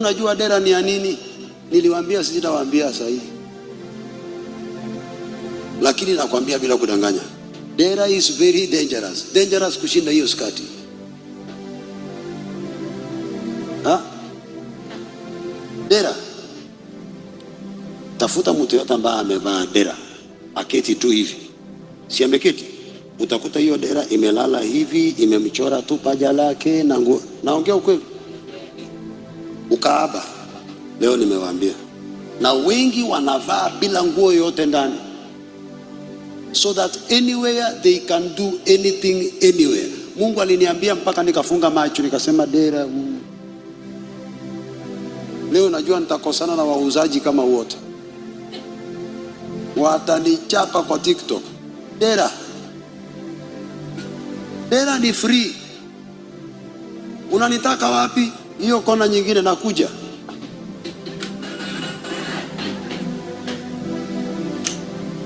Unajua dera ni ya nini? Niliwaambia, sitawaambia sasa hivi, lakini nakwambia bila kudanganya, dera is very dangerous, dangerous kushinda hiyo skati ha? Dera, tafuta mtu yote ambaye amevaa dera aketi tu hivi, si ameketi, utakuta hiyo dera imelala hivi, imemchora tu paja lake na nguo. Naongea ukweli ukaaba. Leo nimewaambia, na wengi wanavaa bila nguo yote ndani, so that anywhere they can do anything anywhere. Mungu aliniambia mpaka nikafunga macho nikasema, dera mm. Leo najua nitakosana na wauzaji kama wote, watanichapa kwa TikTok. Dera dera ni free, unanitaka wapi? hiyo kona nyingine nakuja.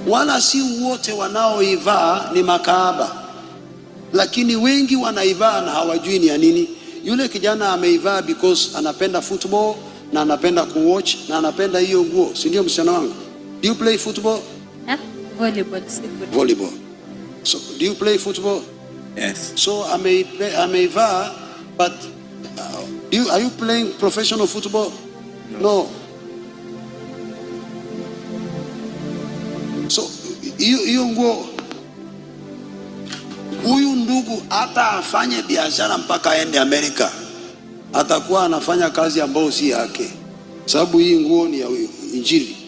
Wala si wote wanaoivaa ni makaaba, lakini wengi wanaivaa na hawajui ni ya nini. Yule kijana ameivaa because anapenda football na anapenda kuwatch na anapenda hiyo nguo, si ndio? Msichana wangu, do you play football? Eh? Volleyball, volleyball. So do you play football? Yes. So ameivaa but you, are you playing professional football? No. no. So hiyo nguo, huyu ndugu hata afanye biashara mpaka aende Amerika, atakuwa anafanya kazi ambayo si yake, sababu hii nguo ni ya Injili.